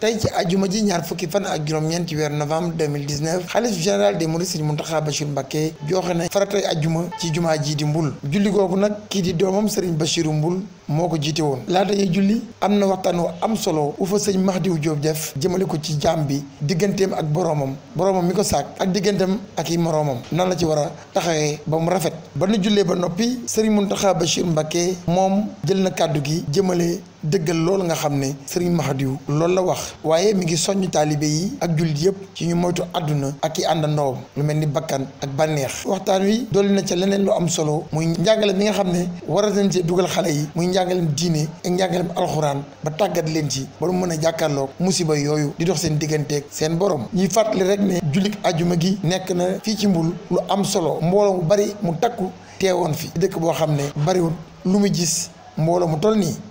tey ci ajuma ji ñaar fukki fan ak juróom-ñeent ci weeru novembre 2019 xalif général des mourides Serigne Mountakha Bachir Mbacké joxe na faratay ajuma ci jumaa jii di mbul julli googu nag kii di doomam Serigne Bachiru mbul moo ko jiite woon laata dañuy julli am na waxtaan wu am solo u fa sëñ Mahdiou Diop def jëmale ko ci jaam bi digganteem ak boroomam boroomam mi ko sàkk ak digganteem ak i moroomam nan la ci war a taxe ba mu rafet ba nu jullee ba noppi Serigne Mountakha Bachir Mbacké moom jël na kàddu gi jëmale dëggal loolu nga xam ne Serigne Mahadiou loolu la wax waaye mi ngi soññ taalibe yi ak jullit yëpp ci ñu moytu àdduna ak i àndandoom lu mel ni bakkan ak bànneex waxtaan wi dolli na ca leneen lu am solo muy njàngale mi nga xam ne war nañ cee dugal xale yi muy njàngaleem diine ak njàngaleem alxuraan ba tàggat leen ci ba mu mën a jàkkaarloog musiba yooyu di dox seen digganteeg seen borom ñuy fàttali rek ne jullit ajuma gi nekk na fii ci mbul am solo mbooloo mu bari mu takku teewoon fi dëkk boo xam ne bariwul lu mu gis mbooloo mu toll nii